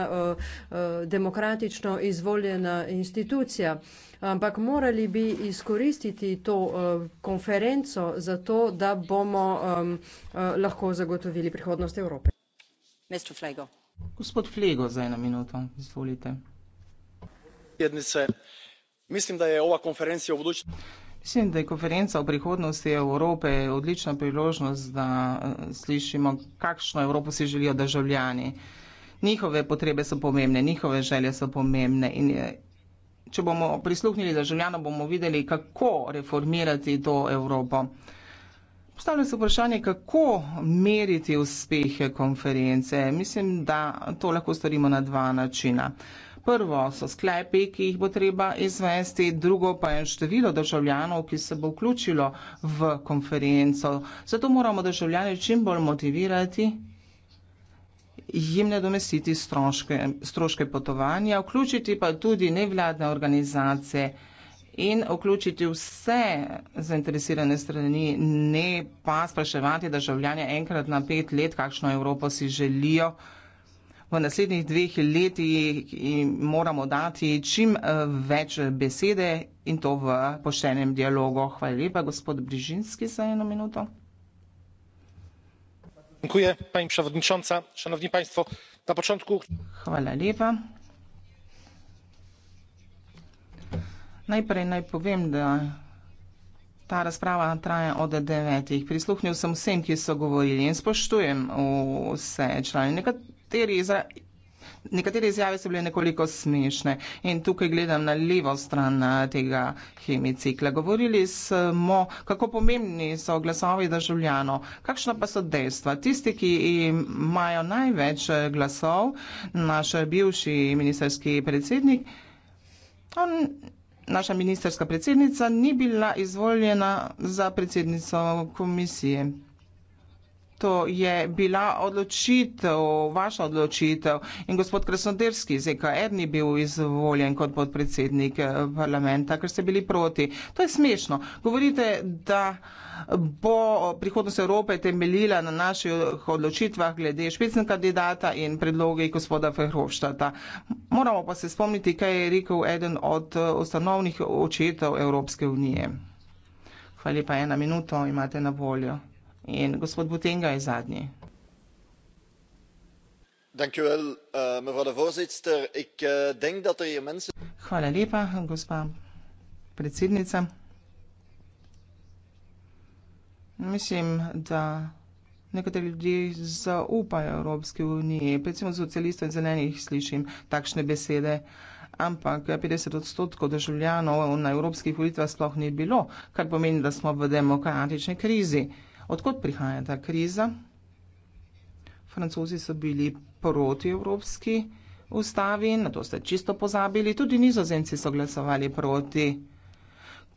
demokratično izvoljena institucija. Ampak morali bi izkoristiti to konferenco za to, da bomo lahko zagotovili prihodnost Evrope. Gospod Flego, za eno minuto, izvolite. Mislim, da je ova konferencija v budućnosti. Mislim, da je konferenca o prihodnosti Evrope odlična priložnost, da eh, slišimo, kakšno Evropo si želijo državljani. Njihove potrebe so pomembne, njihove želje so pomembne. In eh, če bomo prisluhnili državljanom, bomo videli, kako reformirati to Evropo. Postavlja se vprašanje, kako meriti uspehe konference. Mislim, da to lahko storimo na dva načina. Prvo so sklepi, ki jih bo treba izvesti, drugo pa je število državljanov, ki se bo vključilo v konferenco. Zato moramo državljane čim bolj motivirati jim ne domestiti stroške, stroške potovanja, vključiti pa tudi nevladne organizacije in vključiti vse zainteresirane strani, ne pa spraševati državljanje enkrat na pet let, kakšno Evropo si želijo v naslednjih dveh letih moramo dati čim eh, več eh, besede in to v poštenem dialogu. Hvala lepa, gospod Brižinski, za eno minuto. Dziękuję, pani przewodnicząca, szanowni państwo. Na początku. Hvala lepa. Najprej naj povem, da ta razprava traja od devetih. Prisluhnil sem vsem, ki so govorili in spoštujem vse člane nekateri za. Nekatere izjave so bile nekoliko smešne in tukaj gledam na levo stran tega hemicikla. Govorili smo, kako pomembni so glasovi državljanov, kakšna pa so dejstva. Tisti, ki imajo največ eh, glasov, naš eh, bivši ministerski predsednik, on, naša ministerska predsednica ni bila izvoljena za predsednico komisije to je bila odločitev, vaša odločitev. In gospod Krasnoderski iz EKR ni bil izvoljen kot podpredsednik eh, parlamenta, ker ste bili proti. To je smešno. Govorite, da bo prihodnost Evrope temeljila na naših odločitvah glede špicna kandidata in predloge gospoda Ferhovštata. Moramo pa se spomniti, kaj je rekel eden od eh, ustanovnih očetov Evropske unije. Hvala lepa, ena minuto imate na voljo. In gospod Butenga je zadnji. Dankjewel, eh, mevrouw de voorzitter. Ik eh, denk dat er hier mensen. Hvala lepa, gospa predsednica. Mislim, da nekateri ljudje zaupajo Evropski uniji, predvsem socialistov in zelenih slišim takšne besede, ampak 50 odstotkov državljanov na evropskih volitvah sploh ni bilo, kar pomeni, da smo v demokratični krizi. Odkot prihaja ta kriza? Francozi so bili proti evropski ustavi, na to ste čisto pozabili, tudi nizozemci so glasovali proti.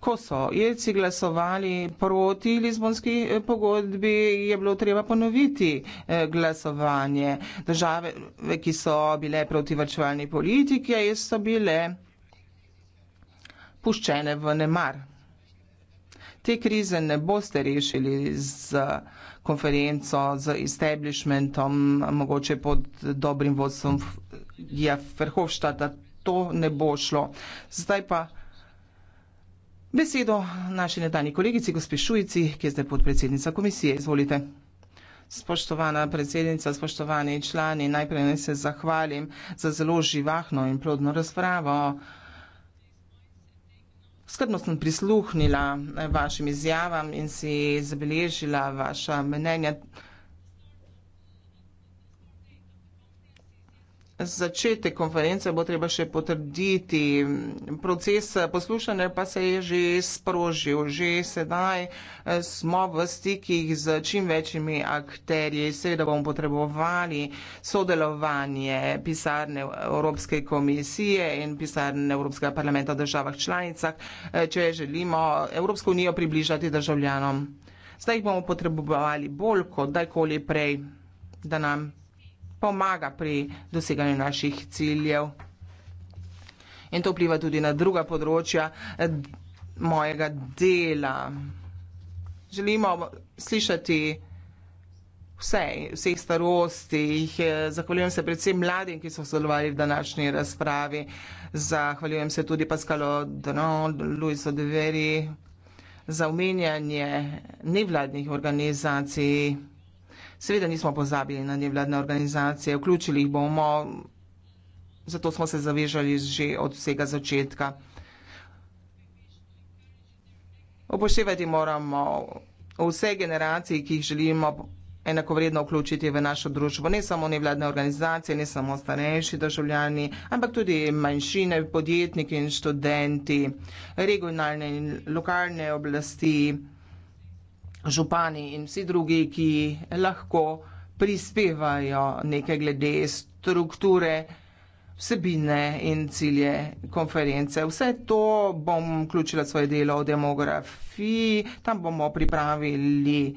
Ko so jeci glasovali proti Lizbonski eh, pogodbi, je bilo treba ponoviti eh, glasovanje. Države, eh, ki so bile proti vrčevalni politiki, so bile puščene v nemar te krize ne boste rešili z konferenco, z establishmentom, mogoče pod dobrim vodstvom Jefferhofšta, ja, da to ne bo šlo. Zdaj pa besedo naši nedani kolegici, gospe Šujici, ki je zdaj podpredsednica komisije. Izvolite. Spoštovana predsednica, spoštovani člani, najprej ne se zahvalim za zelo živahno in plodno razpravo. Skrbno sem prisluhnila eh, vašim izjavam in si zabeležila vaša mnenja. začetek konference bo treba še potrditi. Proces poslušanja pa se je že sprožil. Že sedaj eh, smo v stikih z čim večjimi akterji. Seveda bomo potrebovali sodelovanje pisarne Evropske komisije in pisarne Evropskega parlamenta v državah članicah, eh, če želimo Evropsko unijo približati državljanom. Zdaj jih bomo potrebovali bolj kot dajkoli prej, da nam pomaga pri doseganju naših ciljev. In to vpliva tudi na druga področja eh, mojega dela. Želimo slišati vse, vseh starosti. Eh, zahvaljujem se predvsem mladim, ki so sodelovali v današnji razpravi. Zahvaljujem se tudi Paskalo Donon, Luiso Deveri za omenjanje nevladnih organizacij. Seveda nismo pozabili na nevladne organizacije, vključili jih bomo, zato smo se zavežali že od vsega začetka. Upoštevati moramo vse generacije, ki jih želimo enakovredno vključiti v našo družbo. Ne samo nevladne organizacije, ne samo starejši državljani, ampak tudi manjšine, podjetniki in študenti, regionalne in lokalne oblasti, župani in vsi drugi, ki lahko prispevajo nekaj glede strukture, vsebine in cilje konference. Vse to bom vključila v svoje delo o demografiji, tam bomo pripravili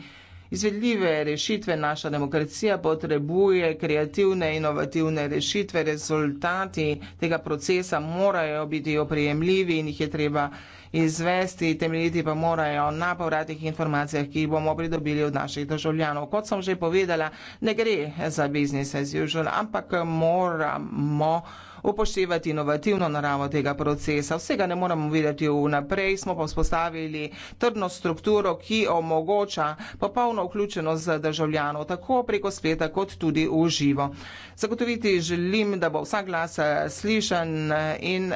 izvedljive rešitve. Naša demokracija potrebuje kreativne, inovativne rešitve. Rezultati tega procesa morajo biti oprijemljivi in jih je treba izvesti, temeljiti pa morajo na povratih informacijah, ki jih bomo pridobili od naših državljanov. Kot sem že povedala, ne gre za business as usual, ampak moramo upoštevati inovativno naravo tega procesa. Vsega ne moramo videti vnaprej, smo pa vzpostavili trdno strukturo, ki omogoča popolno vključenost državljanov, tako preko spleta, kot tudi v živo. Zagotoviti želim, da bo vsak glas slišan in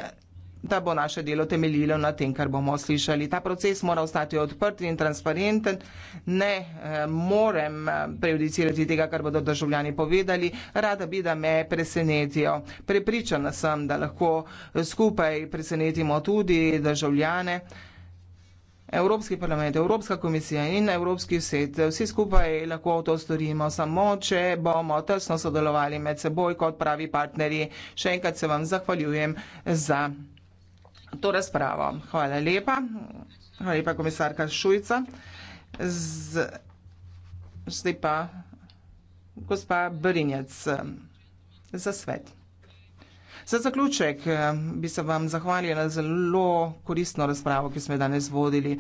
da bo naše delo temeljilo na tem, kar bomo slišali. Ta proces mora ostati odprt in transparenten. Ne eh, morem eh, prejudicirati tega, kar bodo državljani povedali. Rada bi, da me presenetijo. Prepričana sem, da lahko eh, skupaj presenetimo tudi državljane. Evropski parlament, Evropska komisija in Evropski svet, eh, vsi skupaj lahko to storimo, samo če bomo tesno sodelovali med seboj kot pravi partnerji. Še enkrat se vam zahvaljujem za to razpravo. Hvala lepa. Hvala lepa, komisarka Šujca. Z... Zdaj pa gospa Brinjac za svet. Za zaključek eh, bi se vam zahvalila zelo koristno razpravo, ki smo jo danes vodili.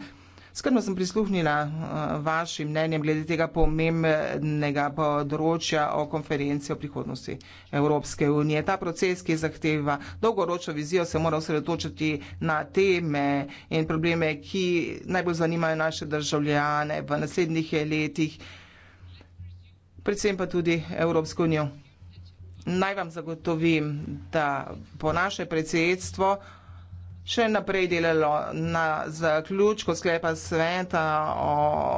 Skrbno sem prisluhnila eh, vašim mnenjem glede tega pomembnega področja o konferenci o prihodnosti Evropske unije. Ta proces, ki zahteva dolgoročno vizijo, se mora osredotočiti na teme in probleme, ki najbolj zanimajo naše državljane v naslednjih letih, predvsem pa tudi Evropsko unijo. Naj vam zagotovim, da po naše predsedstvo še naprej delalo na zaključku sklepa sveta o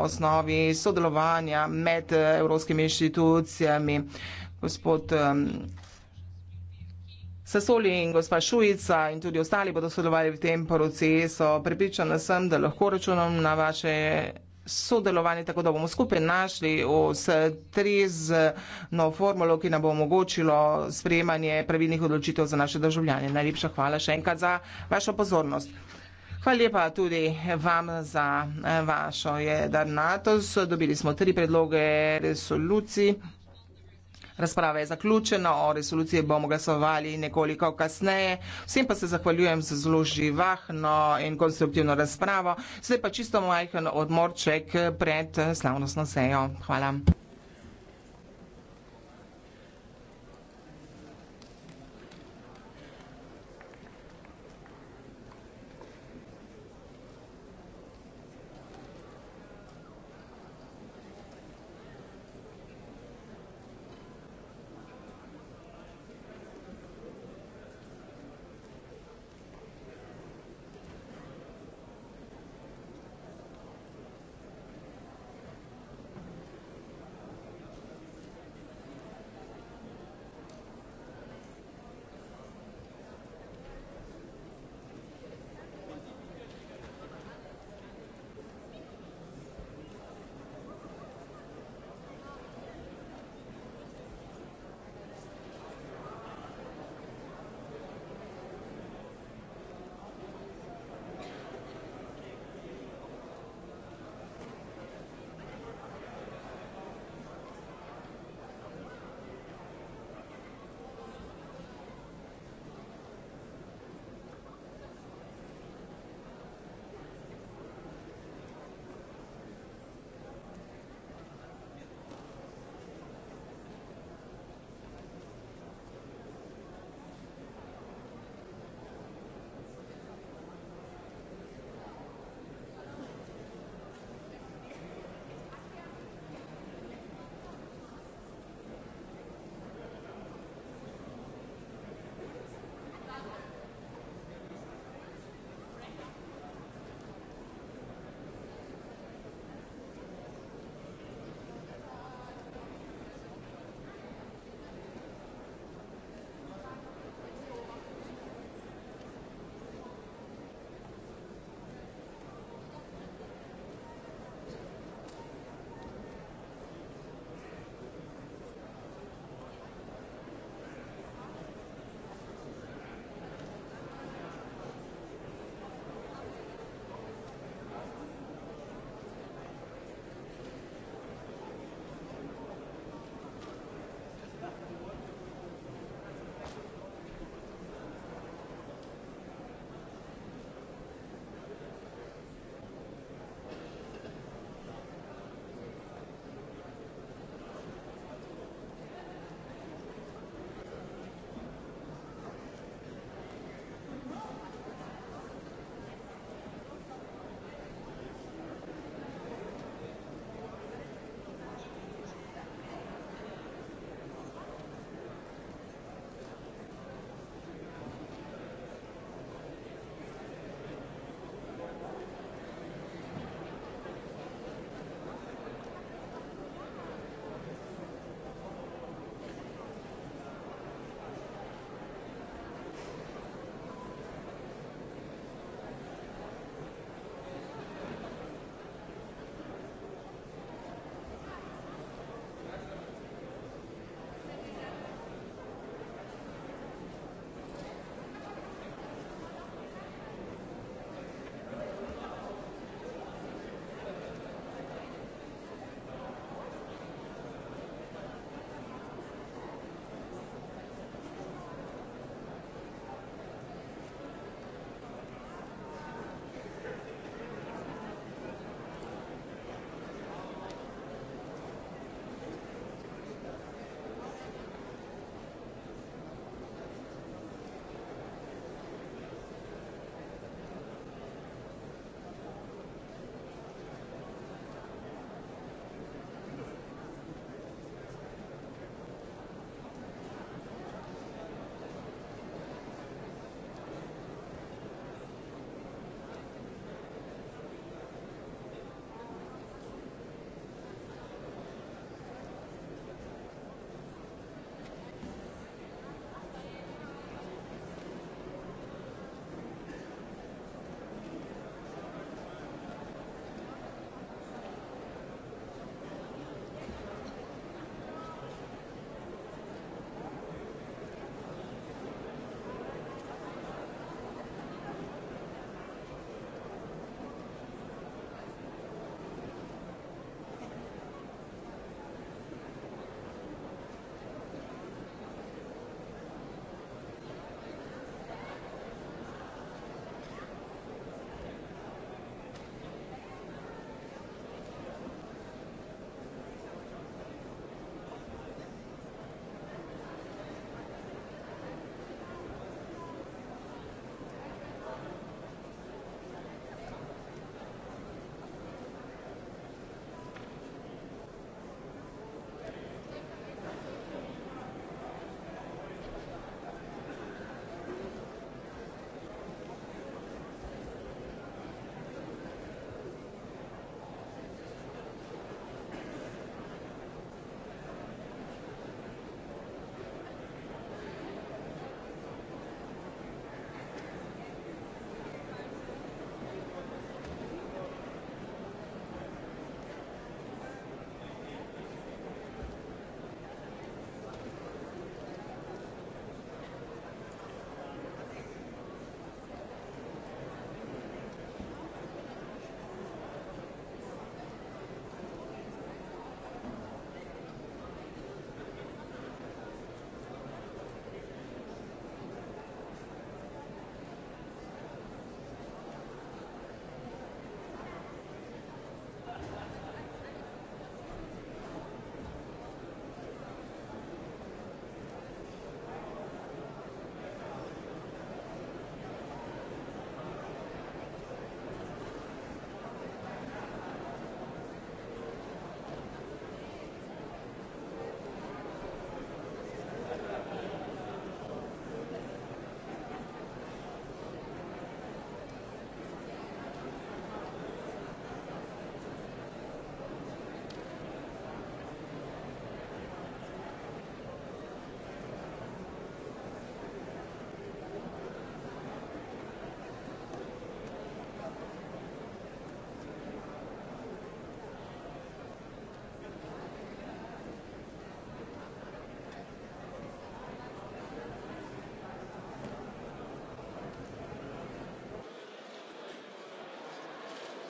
osnovi sodelovanja med eh, evropskimi inštitucijami. Gospod Sasoli in gospa Šujica in tudi ostali bodo sodelovali v tem procesu. Pripričana sem, da lahko računam na vaše sodelovanje, tako da bomo skupaj našli vse trezno eh, formulo, ki nam bo omogočilo sprejemanje pravilnih odločitev za naše državljanje. Najlepša hvala še enkrat za vašo pozornost. Hvala lepa tudi vam za eh, vašo jedarnatost. Dobili smo tri predloge resolucij. Razprava je zaključena, o resoluciji bomo glasovali nekoliko kasneje. Vsem pa se zahvaljujem za zelo živahno in konstruktivno razpravo. Zdaj pa čisto majhen odmorček pred slavnostno sejo. Hvala.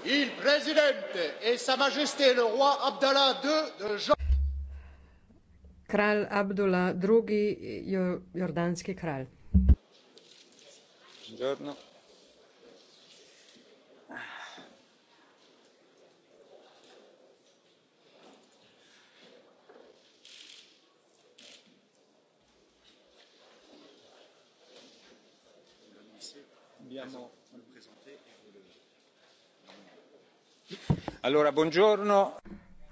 il presidente e sa majesté le roi Abdallah II de Jordan. Kralj Abdullah II, jordanski kralj. Buongiorno. Abbiamo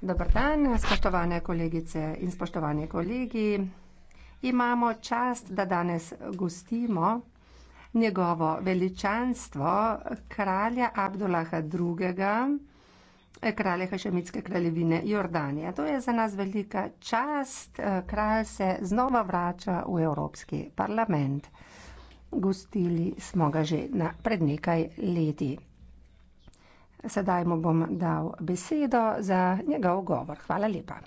Dober dan, spoštovane kolegice in spoštovani kolegi. Imamo čast, da danes gostimo njegovo veličanstvo, kralja Abdulaha drugega, kralja Hašemitske kraljevine Jordanije. To je za nas velika čast, kralj se znova vrača v Evropski parlament. Gostili smo ga že na pred nekaj leti. Sedaj mu bom dal besedo za njegov govor. Hvala lepa.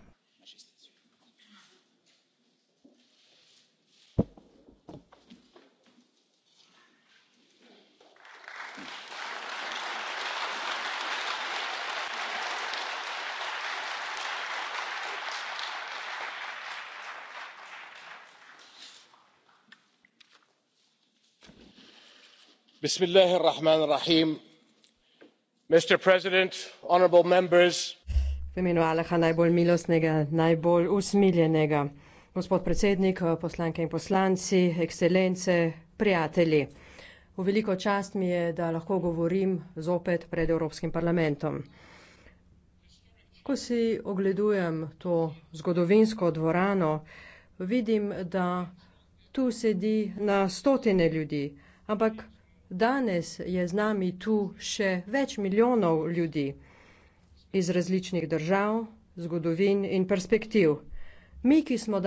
bismillahir rahmanir rahim v imenu allaha najbolj milostnega najbolj usmiljenega gospod predsednik poslanke in poslanci ekscelence prijatelji v veliko čast mi je da lahko govorim zopet pred evropskim parlamentom ko si ogledujem to zgodovinsko dvorano vidim da tu sedi na stotine ljudi ampak Danes je z nami tu še več milijonov ljudi iz različnih držav, zgodovin in perspektiv. Mi, ki smo danes